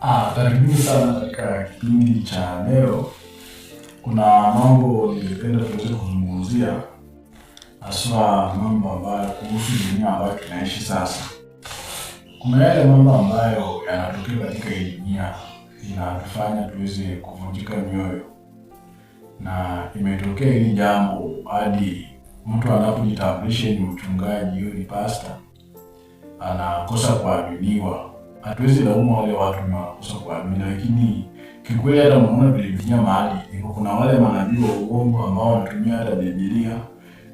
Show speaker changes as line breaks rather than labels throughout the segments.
Ah, karibuni sana katika kipindi cha leo. Kuna mambo ningependa tuweze kuzungumzia, haswa mambo ambayo kuhusu dunia ambayo tunaishi sasa. Kuna yale mambo ambayo yanatokea katika hii dunia inatufanya tuweze kuvunjika mioyo, na imetokea hili jambo hadi mtu anapojitambulisha ni mchungaji huyo, ni anakosa kuaminiwa. Hatuwezi laumu wale watu wanakosa kuamini, lakini kikweli hata mnaona vilifikia mahali iko, kuna wale manabii wa uongo ambao wanatumia hata Biblia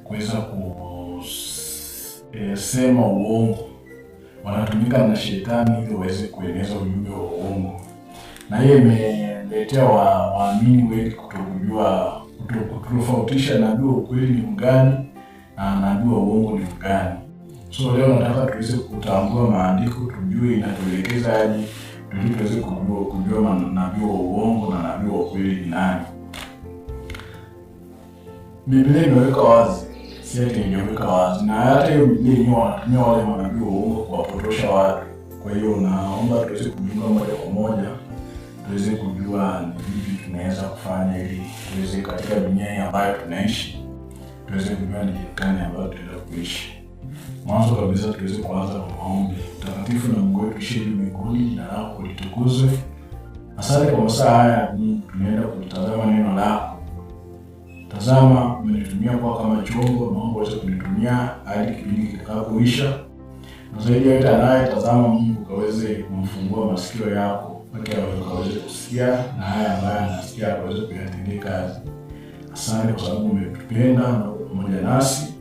kuweza kusema uongo, wanatumika na shetani ili waweze kueneza ujumbe wa uongo, na hiyo imeletea waamini wengi kutokujua kutofautisha nabii wa ukweli ni mgani na nabii wa uongo ni mgani. So leo nataka tuweze kutambua maandiko, tujue inatuelekezaje ili tuweze kujua kujua manabii wa uongo na nabii wa kweli ni nani. Biblia imeweka wazi, si ati imeweka wazi, na hata hiyo Biblia yenyewe wanatumia wale manabii wa uongo kuwapotosha watu. Kwa hiyo naomba tuweze kujiunga moja kwa moja, tuweze kujua ni vipi tunaweza kufanya ili tuweze katika dunia hii ambayo tunaishi tuweze kujua ni jinsi ambayo tunaweza kuishi. Mwanzo kabisa tuweze kuanza kwa maombi. Mtakatifu na Mungu wetu ishie mbinguni, jina lako litukuzwe. Asante kwa masaa haya tumeenda kutazama neno lako. Tazama, umenitumia kwa kama chombo, naomba uweze kunitumia hadi kipindi kitakapoisha, na zaidi yote tazama, Mungu kaweze kumfungua masikio yako kaweze kusikia na haya ambayo anasikia akaweze kuyatendea kazi. Asante kwa sababu umetupenda pamoja nasi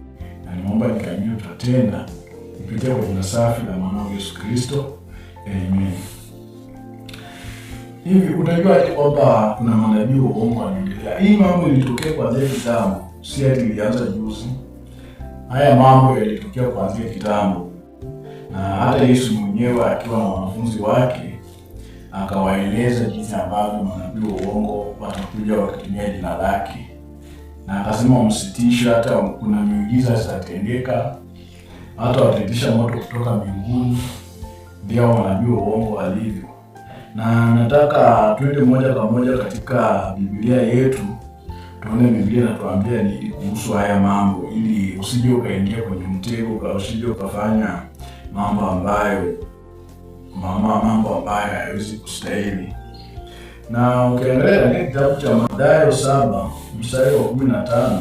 naomba nikanyutwa tena kupitia kwa jina safi la mwanao Yesu Kristo. Amen. Hivi utajua kwamba kuna manabii wa uongo Biblia? Hii mambo ilitokea kuanzia kitambo, si ati ilianza juzi. Haya mambo yalitokea kuanzia kitambo, na hata Yesu mwenyewe akiwa na wanafunzi wake akawaeleza jinsi ambavyo manabii wa uongo watakuja wakitumia jina lake na akasema msitishe, hata kuna miujiza zitatendeka, hata watitisha moto kutoka mbinguni, ndio wanajua uongo alivyo Na nataka twende moja kwa moja katika Biblia yetu tuone Biblia inatuambia nini kuhusu haya mambo, ili usije ukaingia kwenye mtego, usije ukafanya mambo ambayo mama mambo ambayo hayawezi kustahili na ukiangalia katika kitabu cha Mathayo saba mstari wa kumi na tano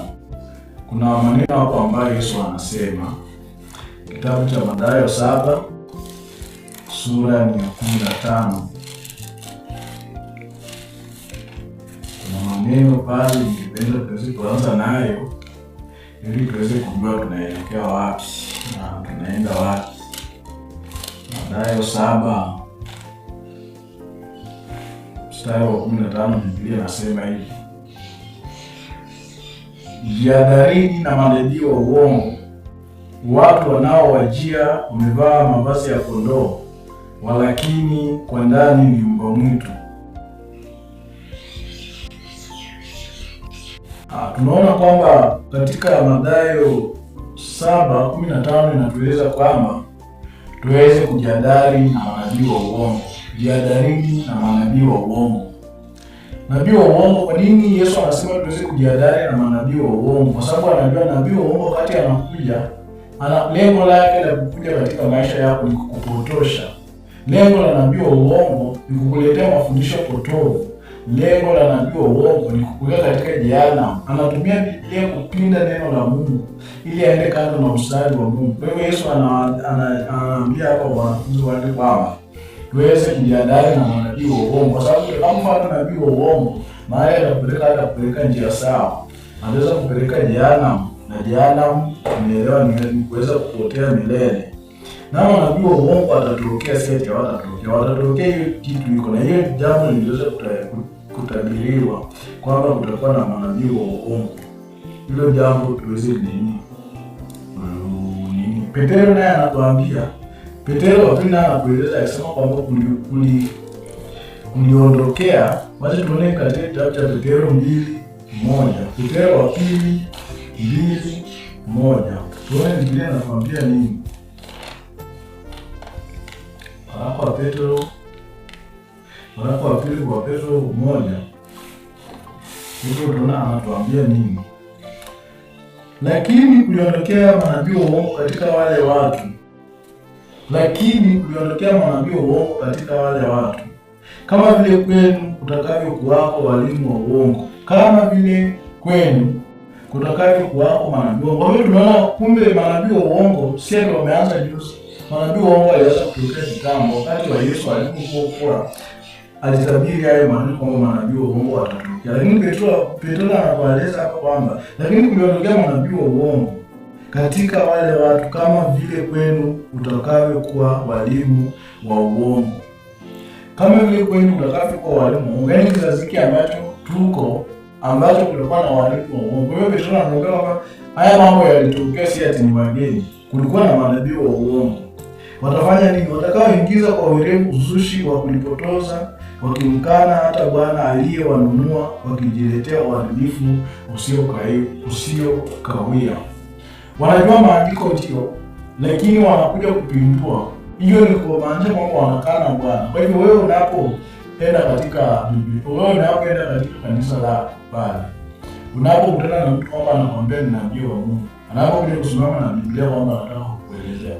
kuna maneno hapo ambayo Yesu anasema. Kitabu cha Mathayo saba sura ni ya kumi na tano kuna maneno pale ningependa tuweze kuanza nayo ili tuweze kujua tunaelekea wapi na tunaenda wapi. Mathayo saba mstari wa kumi na tano Biblia inasema hivi, jihadharini na manabii wa uongo, watu wanaowajia wamevaa mavazi ya kondoo, walakini kwa ndani ni mbwa mwitu. Ah, tunaona kwamba katika Mathayo saba kumi na tano inatueleza kwamba tuweze kujadili na manabii wa uongo kujihadharini na manabii wa uongo. Nabii wa uongo, kwa nini Yesu anasema tuweze kujihadhari na manabii wa uongo? Kwa sababu anajua nabii wa uongo wakati anakuja, ana lengo lake la kukuja katika maisha yako ni kukupotosha. Lengo la nabii wa uongo ni kukuletea mafundisho potovu. Lengo la nabii wa uongo ni kukuweka katika jehanamu. Anatumia Biblia kupinda neno la Mungu ili aende kando na ustadi wa Mungu. Kwa hivyo Yesu anaambia hapa wanafunzi wake kwamba tuweze kujiandaa na manabii wa uongo, kwa sababu tukamfuata nabii wa uongo, naye atakupeleka hata kupeleka njia sawa, anaweza kupeleka jehanamu, na jehanamu umeelewa, ni kuweza kupotea milele. Na manabii wa uongo watatokea, si ati watatokea, watatokea. Hiyo kitu iko na hiyo jambo liliweza kutabiriwa kwamba kutakuwa na manabii wa uongo. Hilo jambo tuweze nini, nini, Petero naye anatuambia Petero wapenda kueleza akisema kwamba kuniondokea. Wacha tuone katika kitabu cha Petero mbili moja Petero wa pili mbili moja tuone Biblia inatuambia nini. Waraka wa Petro, waraka wa pili kwa Petero moja hivyo tunaona anatuambia nini. Lakini kuliondokea manabii wa uongo katika wale watu lakini kuliondokea manabii wa uongo katika wale watu, kama vile kwenu kutakavyokuwako walimu wa uongo, kama vile kwenu kutakavyokuwako manabii wa uongo. Kwa hiyo tunaona kumbe manabii wa uongo si ndio wameanza juzi. Manabii wa uongo aliweza kutokea kitambo, wakati wa Yesu alipokuwa alitabiri hayo maneno kwamba manabii wa uongo watatokea, lakini Petro Petro anakueleza hapa kwamba lakini kuliondokea manabii wa uongo katika wale watu kama vile kwenu utakavyokuwa walimu wa uongo. Kama vile kwenu utakavyokuwa walimu ungani, kizazi hiki ambacho tuko ambacho kulikuwa na walimu wa uongo. Kwa hiyo Petro anaongea kwamba haya mambo yalitokea, si ati ni wageni, kulikuwa na manabii wa uongo. Watafanya nini? Watakaoingiza kwa werevu uzushi wa kulipotoza, wakimkana hata Bwana aliyewanunua, wakijiletea uharibifu usio usio kawia wanajua maandiko ndio, lakini wanakuja kupindua. Hiyo ni kumaanisha kwamba wanakaa na Bwana. Kwa hivyo wewe unapoenda katika Biblia, wewe unapoenda katika kanisa la pale, unapokutana na mtu kwamba anakwambia ni nabii wa Mungu, anapokuja kusimama na Biblia kwamba anataka kukuelezea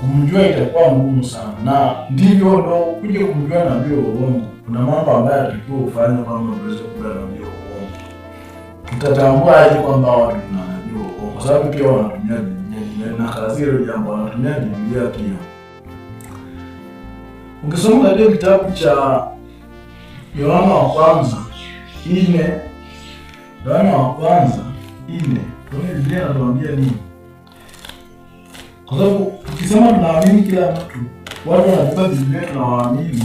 kumjua itakuwa ngumu sana, na ndivyo ndo kuja kumjua nabii wa uongo. Kuna mambo ambayo atakiwa ufanye kwamba uweze kuwa nabii wa uongo. aje kwamba watu na kwa sababu pia wanatumia na kazi hilo jambo wanatumia Biblia pia. Ukisoma katika kitabu cha Yohana wa kwanza nne Yohana wa kwanza nne tuone Biblia anatuambia nini, kwa sababu tukisema tunaamini kila mtu, watu wanabeba Biblia tunawaamini,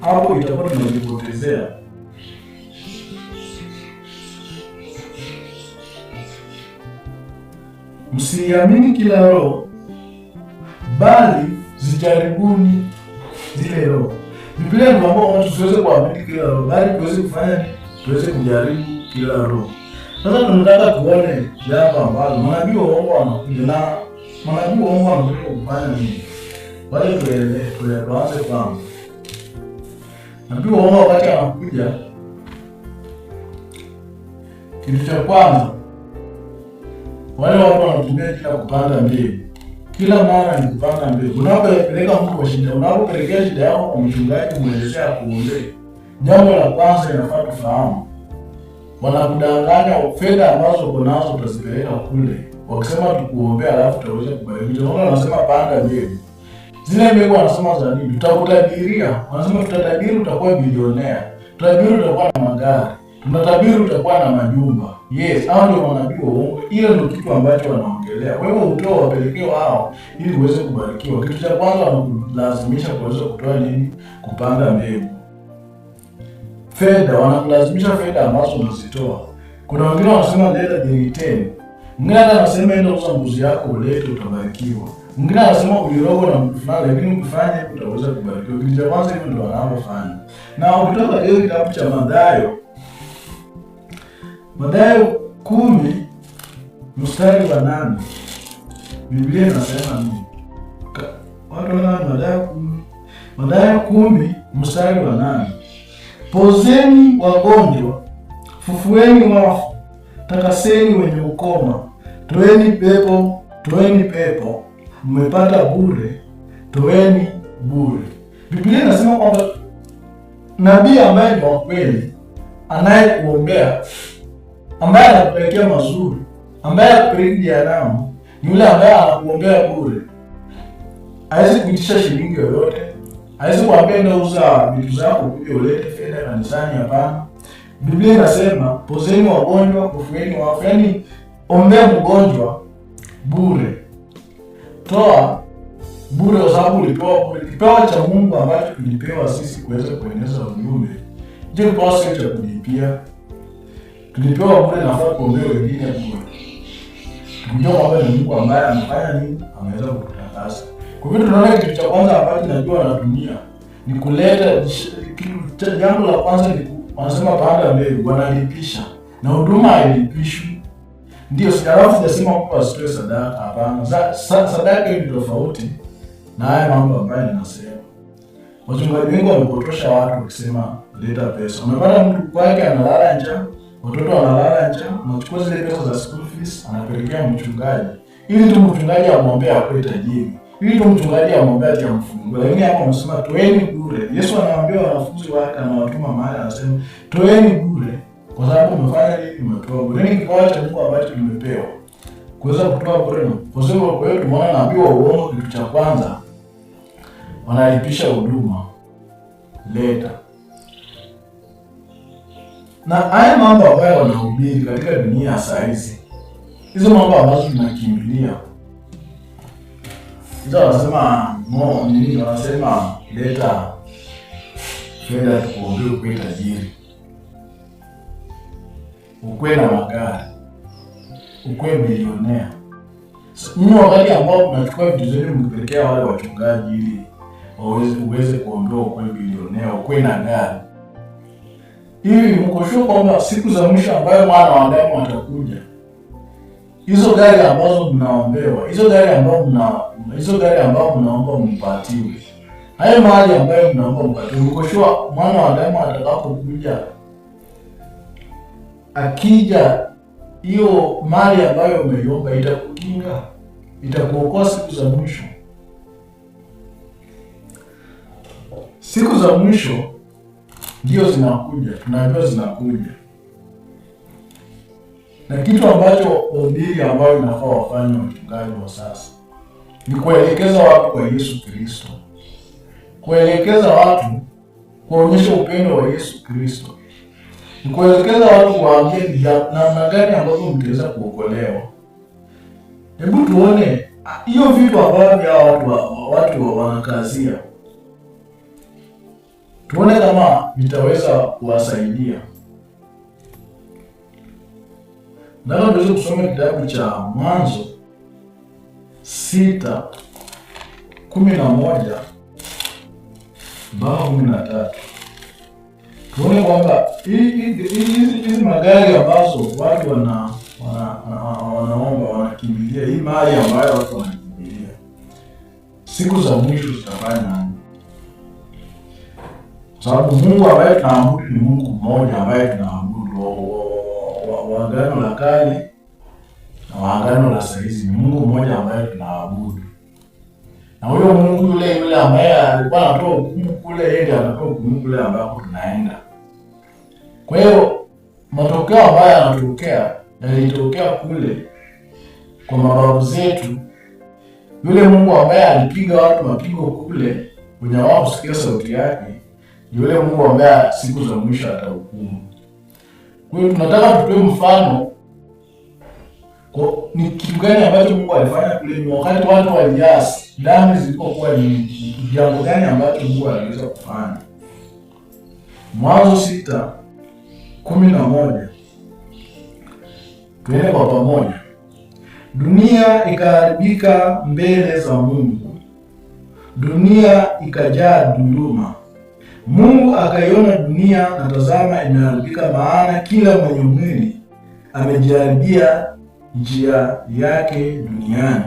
hapo itakuwa tunajipotezea Msiamini kila roho, bali zijaribuni zile roho. Biblia inaomba watu tusiweze kuamini kila roho, bali tuweze kufanya, tuweze kujaribu kila roho. Sasa tunataka tuone jambo ambalo manabii wa uongo wanakuja na manabii wa uongo wanakuja kufanya nini? Wale tuelewe, tuanze kwanza. Nabii wa uongo wakati anakuja, kitu cha kwanza wale wapo watu wanatumia kila kupanda mbegu, kila mara ni kupanda mbegu. Unapopeleka mtu kwa shida, unapopelekea shida yako kwa mchungaji, mwelezea kuombee. Jambo la kwanza inafaa tufahamu, wanakudanganya fedha ambazo uko nazo utazipeleka kule, wakisema tukuombea, alafu utaweza kubadilika. Wao wanasema panda mbegu, zile mbegu wanasema za nini? Tutakutabiria, wanasema tutatabiri utakuwa bilionea, tutabiri utakuwa na magari mtatabiri utakuwa na majumba. Yes, hao ndio manabii wa uongo. Ile ndio kitu ambacho wanaongelea. Kwa hivyo utoe wapelekeo hao ili uweze kubarikiwa. Kitu cha kwanza wanakulazimisha kuweza kutoa nini? Kupanda mbegu. Fedha wanakulazimisha fedha ambazo unazitoa. Kuna wengine wanasema leta jeni teni. hata anasema enda uza mbuzi yako ulete utabarikiwa. Mwingine anasema ulirogo na mtu fulani lakini ukifanya utaweza kubarikiwa. Kitu cha kwanza hivyo ndio wanavyofanya. Na ukitoka hiyo kitabu cha Mathayo Mathayo kumi mstari wa nane Biblia inasema nini? Watu wana Mathayo kumi Mathayo kumi mstari wa nane pozeni wagonjwa, fufueni wafu, takaseni wenye ukoma, toeni pepo, toeni pepo, mmepata bure, toeni bure. Biblia inasema kwamba nabii ambaye ni wa kweli anayekuombea ambaye anakupelekea mazuri, ambaye akupeleki jehanamu ni yule ambaye anakuombea bure, hawezi kuitisha shilingi yoyote, hawezi kuambia enda uza vitu zako kuja ulete fedha kanisani. Hapana, Biblia inasema pozeni wagonjwa, kufueni wafu. Yaani ombea mgonjwa bure, toa bure, kwa sababu ulipewa bure. Kipawa cha Mungu ambacho kilipewa sisi kuweza kueneza ujumbe, hicho kipawa sio cha kulipia tulipewa bure nafaa kuombea wengine bure, tukijua kwamba ni Mungu ambaye amefanya nini, ameweza kututakasa. Kwa hivyo tunaona kitu cha kwanza ambacho najua dunia ni kuleta kitu. Jambo la kwanza ni wanasema panda mbegu, wanalipisha na huduma hailipishwi. Ndio alafu sijasema mtu asitoe sadaka, hapana. Sadaka ni tofauti na haya mambo ambayo ninasema. Wachungaji wengi wamepotosha watu wakisema leta pesa, unapata mtu kwake analala njaa watoto wanalala nje, unachukua zile pesa za school fees anapelekea mchungaji, ili tu mchungaji amwambie akuwe tajiri, ili tu mchungaji amwambie ati amfungue. Lakini hapo anasema toeni bure. Yesu anawaambia wanafunzi wake, anawatuma mahali, anasema toeni bure, kwa sababu umefanya nini? Umetoa bure. Ni yaani kipawa cha Mungu ambacho tumepewa kuweza kutoa bure. na Kwa sababu kwa hiyo tumeona naambiwa uongo, kitu cha kwanza wanalipisha huduma leta na haya mambo ambayo wanahubiri katika dunia ya saa hizi, hizo mambo ambazo tunakimbilia, hizo wanasema mo nini, wanasema leta fedha tukuombee kwa tajiri, ukuwe na magari, ukuwe bilionea. Mimi wakati ambao tunachukua vitu zenu mkipelekea wale wachungaji ili uweze kuondoa ukuwe bilionea, ukuwe na gari hivi mkoshua kwamba siku za mwisho ambayo mwana wa Adamu atakuja, hizo gari ambazo mnaombewa, hizo gari ambazo mna hizo gari ambazo mnaomba mpatiwe, hayo mali ambayo mnaomba mpatiwe, mkoshua mwana wa Adamu atakapokuja, akija, hiyo mali ambayo umeiomba itakukinga, itakuokoa siku za mwisho, siku za mwisho ndio zinakuja, tunajua zinakuja, na kitu ambacho ubiri ambayo inafaa wafanye wachungaji wa sasa ni kuelekeza watu kwa Yesu Kristo, kuelekeza watu kuonyesha upendo wa Yesu Kristo, ni kuelekeza watu kuwaambia ni namna gani ambavyo mtaweza kuokolewa. Hebu tuone ah, hiyo vitu ambavyo watu watu wanakazia tuone kama nitaweza kuwasaidia. Nataka tuweze kusoma kitabu cha Mwanzo sita kumi na moja mpaka kumi na tatu tuone kwamba hizi magari ambazo watu wana wanaomba wanakimbilia, hii mali ambayo watu wanakimbilia, siku za mwisho zitafanya kwa sababu Mungu ambaye tunaabudu ni Mungu mmoja ambaye tunaabudu. Wa Agano la Kale na wa Agano la sasa ni Mungu mmoja ambaye tunaabudu, na huyo Mungu yule yule ambaye alikuwa anatoa hukumu kule, yeye ndiye anatoa hukumu kule ambapo tunaenda. Kwa hiyo matokeo ambayo yanatokea yalitokea kule kwa mababu zetu. Yule Mungu ambaye alipiga watu mapigo kule, kwenye wao kusikia sauti yake yule Mungu ambaye siku za mwisho atahukumu. Kwa hiyo tunataka tupe mfano kwa ni kitu gani ambacho Mungu alifanya kule ni wakati watu waliasi damu zilipokuwa nyingi, jambo gani ambacho Mungu aliweza kufanya? Mwanzo sita kumi na moja tuende kwa pamoja. Dunia ikaharibika mbele za Mungu, dunia ikajaa dhuluma Mungu akaiona dunia na tazama, imeharibika, maana kila mwenye mwili amejaribia njia yake duniani.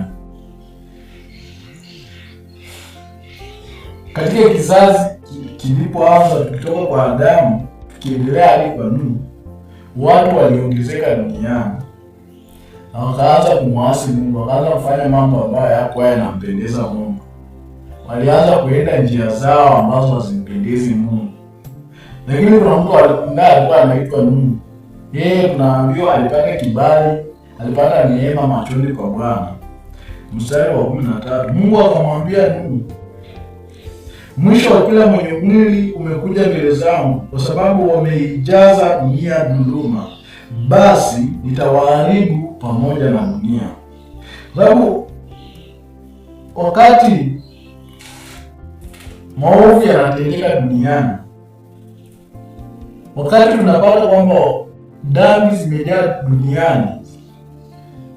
Katika kizazi kilipoanza kutoka kwa Adamu tukiendelea hadi kwa Nuhu, watu waliongezeka duniani na wakaanza kumwasi Mungu, wakaanza kufanya mambo ambayo hayakuwa yanampendeza Mungu walianza kuenda njia zao ambazo hazimpendezi Mungu. Lakini kuna mtu ambaye alikuwa anaitwa Nuhu, yeye tunaambiwa alipata kibali, alipata neema machoni kwa Bwana. Mstari wa kumi na tatu Mungu akamwambia Nuhu, mwisho wa kila mwenye mwili umekuja mbele zangu, kwa sababu wameijaza dunia dhuluma, basi nitawaharibu pamoja na dunia. Sababu wakati maovu yanatendeka duniani, wakati tunapata kwamba dhambi zimejaa duniani,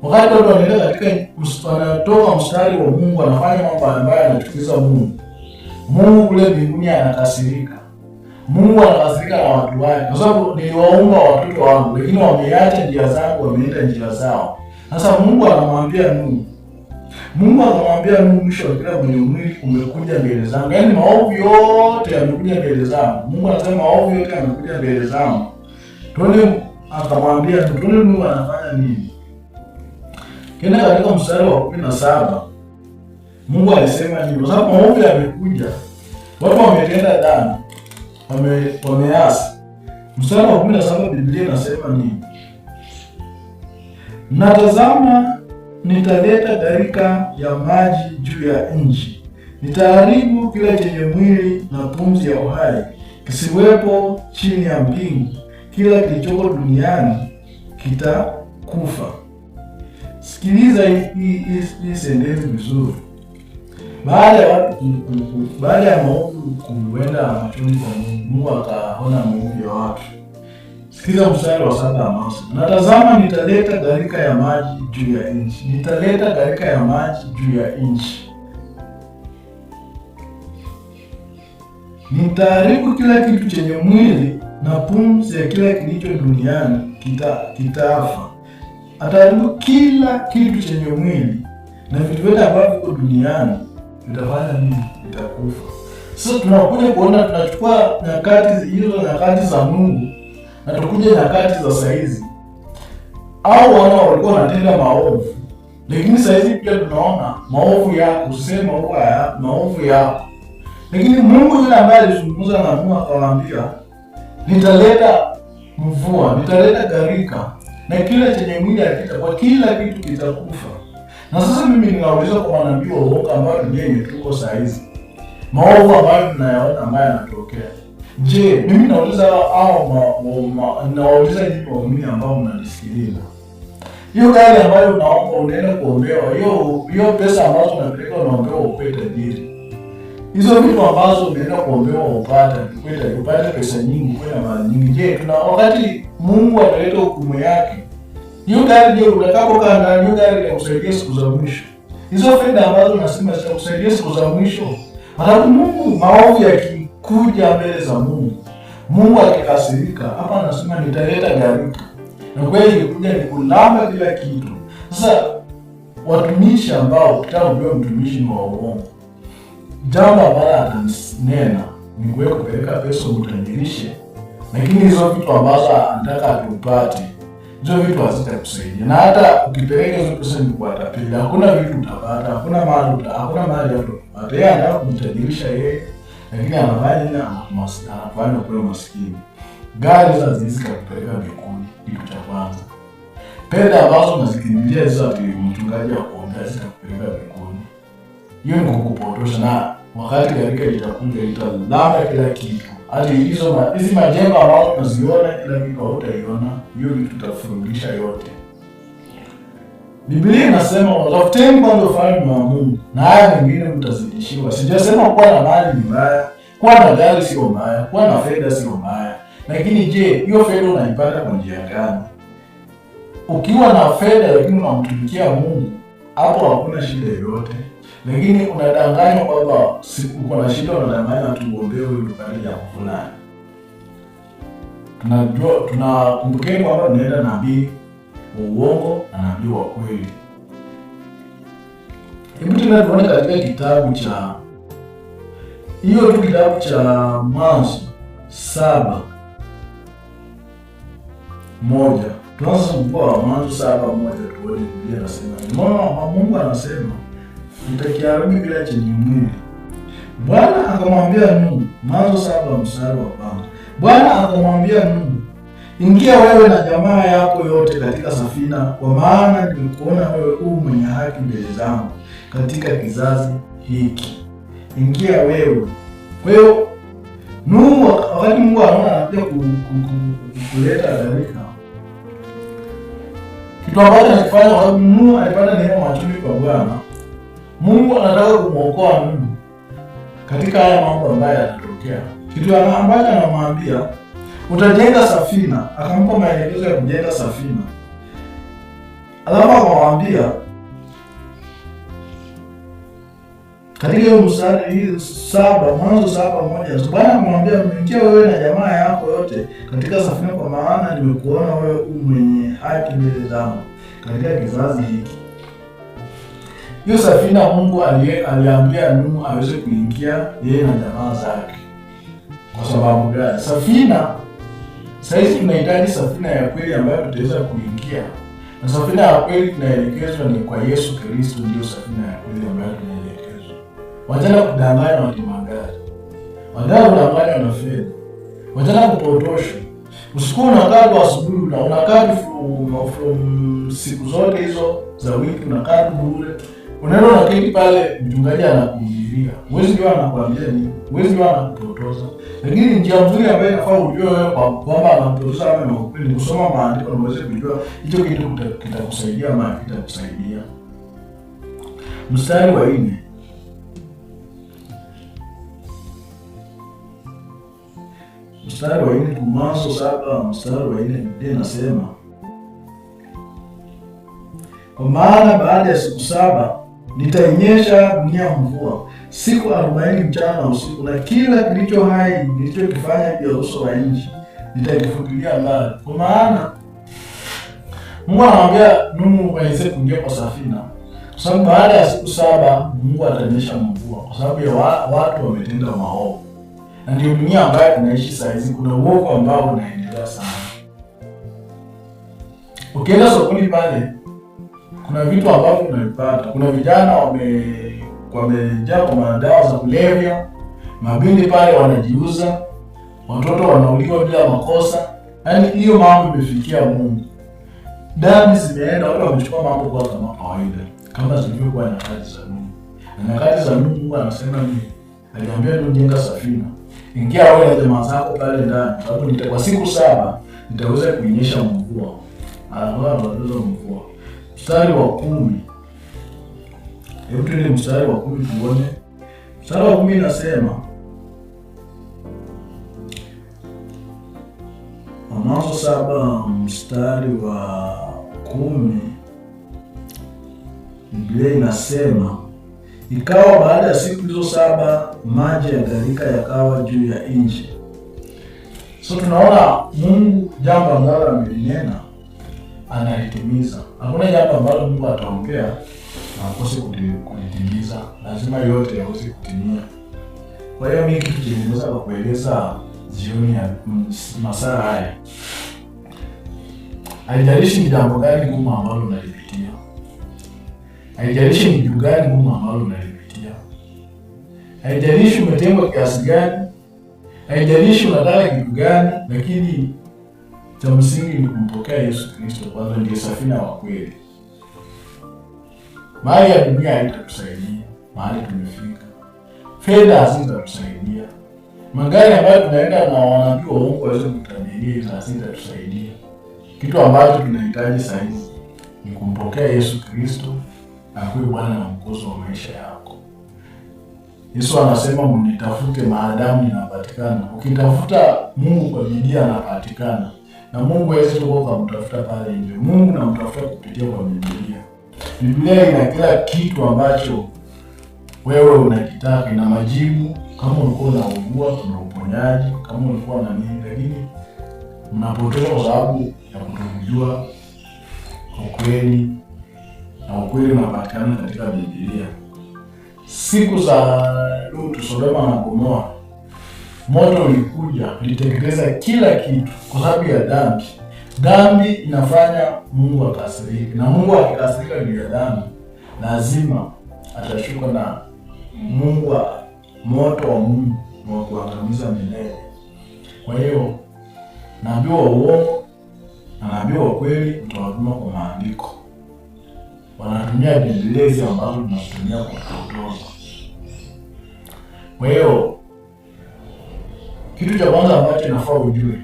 wakati watu wanaenda katika wanatoka mstari wa Mungu, anafanya mambo ambayo anachukiza Mungu, Mungu kule mbinguni anakasirika. Mungu anakasirika na watu wake, kwa sababu niliwaumba watoto wangu, lakini wameacha njia zangu, wameenda njia zao. Sasa Mungu anamwambia Nuhu Mungu akamwambia Nuhu, mwisho wa kila mwenye mwili umekuja mbele zangu. Yaani maovu yote yamekuja mbele zangu. Mungu anasema maovu yote yamekuja mbele zangu. Tuone akamwambia tu, tuone Nuhu anafanya nini? Kenda katika mstari wa kumi na saba Mungu alisema hivi, Kwa sababu maovu yamekuja, watu wametenda dhambi, wame wameasi. Mstari wa kumi na saba Biblia inasema nini? Natazama nitaleta gharika ya maji juu ya nchi, nitaharibu kila chenye mwili na pumzi ya uhai, kisiwepo chini ya mbingu, kila kilichoko duniani kitakufa. Sikiliza hii sendezi vizuri. Baada ya baada ya maovu kuenda machoni kwa Mungu, Mungu akaona maovu ya watu Sikiza mstari wa saba ya Natazama nitaleta gharika ya maji juu ya nchi, nitaleta gharika ya maji juu ya nchi, nitaharibu kila kitu chenye mwili na pumzi ya kila kilicho duniani kita kitaafa. Ataharibu kila kitu chenye mwili na vitu vyote ambavyo viko duniani vitafanya nini? Vitakufa. Sasa tunakuja kuona, tunachukua nyakati hizo, nyakati za Mungu na tukuja nyakati za saizi, au wana walikuwa wanatenda maovu, lakini saizi pia tunaona maovu yako, kusema huwa maovu yako, lakini Mungu yule ambaye alizungumza na Nuhu akawaambia, nitaleta mvua, nitaleta gharika na kila chenye mwili kwa kila kitu kitakufa. Na sasa mimi ninauliza kwa manabii wa uongo ambayo dunia imetuko saa hizi, maovu ambayo tunayaona ambayo yanatokea Je, mimi nauliza hao nawauliza nyinyi waumini ambao mnanisikiliza, hiyo gari ambayo unaomba unaenda kuombewa, hiyo pesa ambazo unapeleka unaombewa upe tajiri, hizo vitu ambazo unaenda kuombewa upate upate pesa nyingi, kwenda mara nyingi. Je, tuna wakati Mungu ataleta hukumu yake, hiyo gari, je, utakapokaa ndani hiyo gari itakusaidia siku za mwisho? Hizo fedha ambazo unasema zitakusaidia siku za mwisho? Halafu Mungu maovu yaki kuja mbele za Mungu. Mungu akikasirika, hapa anasema nitaleta gharika, na kweli ilikuja nikulamba kila kitu. Sasa watumishi ambao kitabu ndio mtumishi wa uongo, jambo ambalo atanena ni kuwe kupeleka pesa utajirishe, lakini hizo vitu ambazo anataka atupate hizo vitu hazitakusaidia, na hata ukipeleka hizo pesa ni kwa tapeli, hakuna vitu utapata, hakuna mali, hakuna mali ya kutapata. Yeye anataka kumtajirisha yeye lakini anafanya anafanya kule maskini. Gari sasa zizikakupeleka mbinguni, kitu cha kwanza. Pesa ambazo unazikimbilia hizo ati mchungaji wa kuongea zitakupeleka mbinguni, hiyo ni kukupotosha. Na wakati gharika itakuja italala kila kitu, hadi hizo hizi majengo ambazo tunaziona kila kitu hautaiona. Hiyo ni tutafundisha yote Biblia inasema watafuteni kwanza ufalme wa Mungu na haya mengine mtazidishiwa. Sijasema kuwa na mali ni mbaya, kuwa na gari sio mbaya, kuwa na fedha sio mbaya, lakini je, hiyo fedha unaipata kwa njia gani? Ukiwa na fedha lakini unamtumikia Mungu, hapo hakuna shida yoyote. Lakini unadanganywa kwamba uko na shida, unadanganywa tugombee huyu dukani ya fulani. Tunajua tunakumbukeni kwamba tunaenda nabii wa uongo na nabii wa kweli. Hebu tuone katika kitabu cha hiyo tu kitabu cha Mwanzo saba moja tuanze mkoa wa Mwanzo saba moja tuone Biblia anasema mama Mungu anasema nitakiharibu kila chenye mwili. Bwana akamwambia Nuhu, Mwanzo saba mstari wa kwanza. Bwana akamwambia Nuhu Ingia wewe na jamaa yako yote katika safina, kwa maana nimekuona wewe huu mwenye haki mbele zangu katika kizazi hiki. Ingia wewe hiyo Nuhu, wakati Mungu anaona anakuja kuleta gharika, kitu ambacho anakifanya kwa sababu Nuhu alipata neema machoni kwa Bwana. Mungu anataka kumwokoa Nuhu katika haya mambo ambayo yanatokea, kitu ambacho anamwambia utajenga safina, akampa maelekezo ya kujenga safina, alafu akamwambia katika hiyo mstari saba Mwanzo saba moja Bwana akamwambia, mnitie wewe na jamaa yako yote katika safina, kwa maana nimekuona wewe u mwenye haki mbele zangu katika kizazi hiki. Hiyo safina Mungu aliambia Nuhu aweze kuingia yeye na jamaa zake. Kwa sababu gani? Safina sahizi tunahitaji safina ya kweli ambayo tutaweza kuingia, na safina ya kweli tunaelekezwa ni kwa Yesu Kristo, ndio safina ya kweli ambayo tunaelekezwa. Wachana kudanganywa na magari, wachana kudanganywa na fedha, wachana kupotoshwa. Usikuwa unakaa kwa asubuhi, unakaa from siku zote hizo za wiki, unakaa tu bure, unaenda unaketi pale, mchungaji anakuja kufikiria, huwezi jua anakuambia nini, huwezi jua anakutotoza. Lakini njia nzuri ambayo inafaa ujue wewe kwa kwamba anakutotoza ama anakupenda ni kusoma maandiko na uweze kujua hicho kitu kitakusaidia ama kitakusaidia. Mstari wa nne mstari wa nne Mwanzo saba mstari wa nne ndiye inasema, kwa maana baada ya siku saba nitainyesha dunia mvua siku arobaini mchana na usiku, na kila kilicho hai nilichokifanya juu ya uso wa nchi nitakifutilia mbali. Kwa maana Mungu anamwambia Nuhu waweze kuingia kwa safina, kwa sababu baada ya siku saba Mungu atanyesha mvua, kwa sababu ya wa, watu wametenda maovu, na ndio dunia ambayo tunaishi saa hizi. Kuna uovu ambao unaendelea sana. Ukienda sokoni pale kuna vitu ambavyo tumepata. Kuna vijana wame wamejaa kwa madawa za kulevya, mabindi pale wanajiuza, watoto wanauliwa bila makosa. Yaani hiyo mambo imefikia Mungu, dadi zimeenda, watu wamechukua mambo kwa kama kawaida, kama zilivyokuwa nyakati za Mungu. Na nyakati za Mungu Mungu anasema ni aliambia tu, jenga safina, ingia wewe na jamaa zako pale ndani, sababu nitakuwa siku saba nitaweza kuinyesha mvua, alafu mvua mstari wa kumi. Hebu tuende mstari wa kumi tuone. Mstari wa kumi inasema Mwanzo saba mstari wa kumi Biblia inasema ikawa baada ya siku hizo saba maji ya gharika yakawa juu ya nchi. So tunaona Mungu jambo ambalo amelinena analitimiza. Hakuna jambo ambalo Mungu ataongea na akose kulitimiza, lazima yote yaweze kutimia. Kwa hiyo mimi kitu chenye naweza kukueleza jioni ya masaa haya, haijalishi ni jambo gani gumu ambalo unalipitia, haijalishi ni juu gani gumu ambalo unalipitia, haijalishi umetengwa kiasi gani, haijalishi unataka kitu gani, lakini cha msingi ni kumpokea Yesu Kristo kwanza, ndiye safina wa kweli. Mali ya dunia haitakusaidia mahali tumefika, fedha hazitatusaidia, magari ambayo tunaenda na wa uongo waweze kutamilia hazitatusaidia. Kitu ambacho tunahitaji sahizi ni kumpokea Yesu Kristo akuwe Bwana na Mwokozi wa maisha yako. Yesu anasema mnitafute maadamu ninapatikana. Ukitafuta Mungu kwa bidii anapatikana na Mungu hawezi tu kumtafuta pale nje. Mungu namtafuta kupitia kwa Biblia. Biblia ina kila kitu ambacho wewe unakitaka, na majibu. Kama ulikuwa unaugua, kuna uponyaji. Kama ulikuwa na nini, lakini mnapotoka kwa sababu ya kutokujua ukweli, na ukweli unapatikana katika Biblia. Siku za Lutu, Sodoma na Gomora Moto ulikuja ulitengeneza kila kitu kwa sababu ya dhambi. Dhambi inafanya Mungu akasirika, na Mungu akikasirika juu ya dhambi, lazima atashuka na Mungu wa moto wa Mungu wa kuangamiza milele. Kwa hiyo nabii wa uongo na nabii wa kweli utawapima kwa maandiko. Wanatumia Biblia ambazo tunatumia kwa kutotoza. Kwa hiyo kitu cha kwanza ambacho inafaa ujue,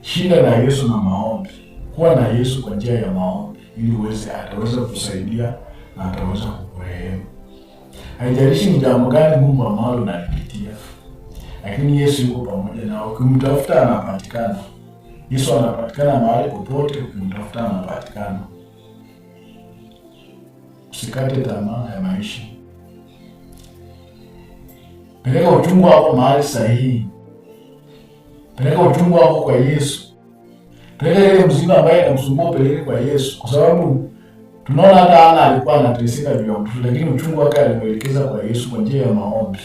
shida na Yesu na maombi. Kuwa na Yesu kwa njia ya maombi, ili uweze, ataweza kusaidia na ataweza kukurehemu. Haijalishi ni jambo gani Mungu ambalo unalipitia, lakini Yesu yuko pamoja na, ukimtafuta anapatikana. Yesu anapatikana mahali popote, ukimtafuta anapatikana. Usikate tamaa ya maisha, peleka uchungu wako mahali sahihi. Peleka uchungu wako kwa Yesu, peleka ile mzima ambaye inamsumbua, peleke kwa Yesu, kwa sababu tunaona hata Ana alikuwa anateseka juu ya mtoto, lakini uchungu wake alimwelekeza kwa Yesu kwa njia ya maombi,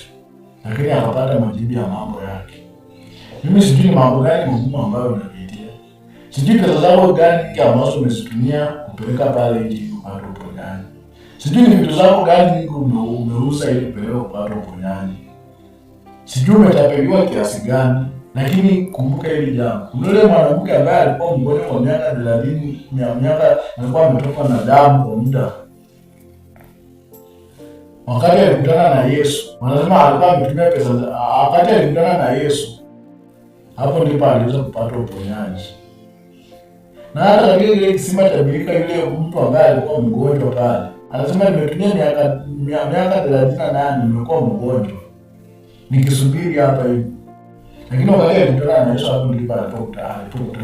lakini akapata majibu ya mambo yake. Mimi sijui mambo gani magumu ambayo unapitia, sijui pesa zako gani ambazo umezitumia kupeleka pale ili upate uponyaji, sijui ni vitu zako gani umeuza ili kupeleka kupata uponyaji, sijui umetapeliwa kiasi gani lakini kumbuka hili jambo, kuna yule mwanamke ambaye alikuwa mgonjwa kwa miaka thelathini, mia miaka alikuwa ametoka na damu kwa muda. Wakati alikutana na Yesu, wanasema alikuwa ametumia pesa. Wakati alikutana na Yesu, hapo ndipo aliweza kupata uponyaji. Na hata katika ile kisima cha birika, yule mtu ambaye alikuwa mgonjwa pale anasema nimetumia miaka miaka thelathini na nane nimekuwa mgonjwa nikisubiri hapa hivi lakini ukalia mtoto anaisha hapo ndipo anatoka anatoka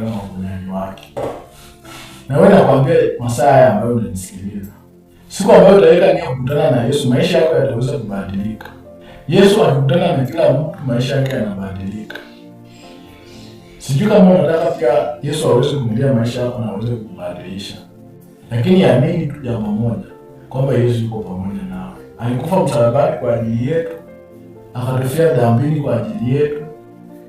wake. Na wewe nakwambia masaa haya ambayo unanisikiliza, siku ambayo utaweka nia kukutana na Yesu, maisha yako yataweza kubadilika. Yesu akikutana na kila mtu, maisha yake yanabadilika. Sijui kama unataka pia Yesu aweze maisha yako na aweze lakini amini tu jambo moja, kwamba Yesu yuko pamoja nawe. Alikufa msalabani kwa ajili yetu, akatufia dhambini kwa ajili yetu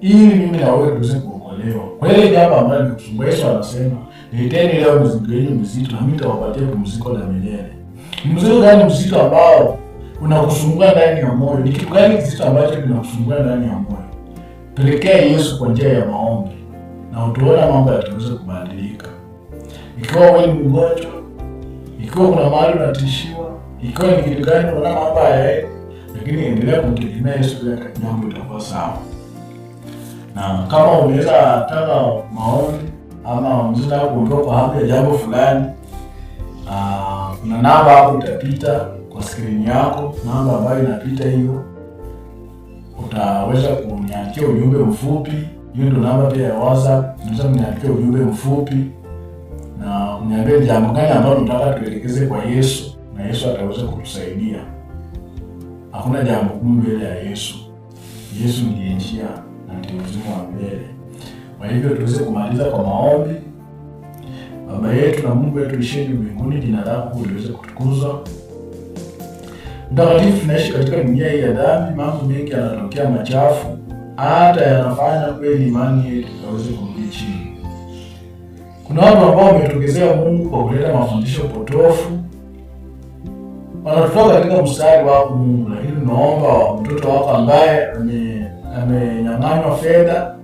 ili mimi na wewe tuweze kuokolewa. Kwa ile jambo ambalo linakusumbua, Yesu anasema leteni leo mizigo wenu mzito, nami nitawapatia pumziko la milele. Mzigo gani mzito ambao unakusumbua ndani ya moyo? Ni kitu gani kizito ambacho kinakusumbua ndani ya moyo? Pelekea Yesu kwa njia ya maombi na utaona mambo yataweza kubadilika. Ikiwa wewe ni mgonjwa, ikiwa kuna mahali unatishiwa, ikiwa ni kitu gani unaona mambo hayaendi, lakini endelea kumtegemea Yesu, jambo itakuwa sawa na kama unaweza taka maoni ama unataka kuondoa kwa hapo ya jambo fulani, ah, kuna namba hapo itapita kwa skrini yako, namba ambayo inapita hiyo, utaweza kuniandikia ujumbe mfupi. Hiyo ndio namba pia ya WhatsApp, unaweza kuniandikia ujumbe mfupi na uniambie jambo gani ambalo unataka tuelekeze kwa Yesu, na Yesu ataweza kutusaidia. Hakuna jambo gumu mbele ya Yesu. Yesu ndiye njia na ndio uzima wa milele. Kwa hivyo tuweze kumaliza kwa maombi. Baba yetu na Mungu wetu uliye mbinguni, jina lako liweze kutukuzwa. Mtakatifu, tunaishi katika dunia hii ya dhambi, mambo mengi yanatokea machafu, hata yanafanya kweli imani yetu ikaweze kurudi chini.
Kuna watu ambao wametokezea Mungu kwa kuleta mafundisho
potofu, wanatoka katika mstari wako Mungu, lakini naomba mtoto wako ambaye ame amenyang'anywa fedha,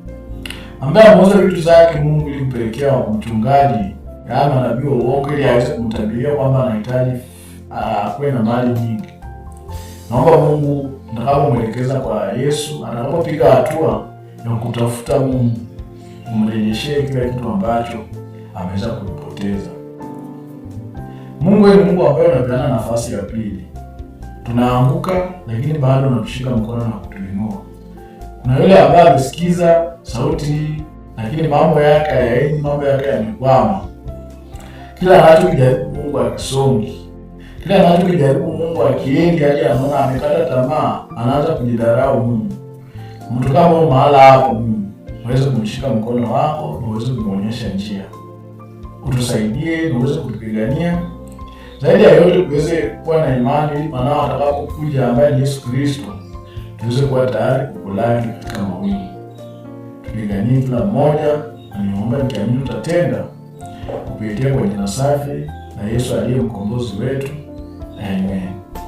ambaye ameuza vitu zake Mungu ili mchungaji yaani nabii wa uongo ili aweze kumtabiria kwamba anahitaji ah, akuwe na mali nyingi. Naomba Mungu mtakapomwelekeza kwa Yesu, atakapopiga hatua ya kutafuta Mungu, umrejeshee kile kitu ambacho ameweza kupoteza. Mungu ni Mungu ambaye anapeana nafasi ya pili. Tunaanguka, lakini bado anatushika mkono na
na yule ambaye amesikiza sauti
lakini mambo yake hayaendi, mambo yake yamekwama. Kila anachokijaribu Mungu akisongi, kila anachokijaribu Mungu akiendi, aje anaona amekata tamaa, anaanza kujidharau Mungu. Mtu kama mahala hapo, Mungu uweze kumshika mkono wako, uweze kumwonyesha njia, utusaidie, uweze kutupigania zaidi ya yote, tuweze kuwa na imani, maana atakapokuja ambaye ni Yesu Kristo tuweze kuwa tayari kulani katika mawili. Mm. Tupiganie kila mmoja, na niomba nikiamini tutatenda kupitia kwa jina safi na Yesu aliye mkombozi wetu. Amen.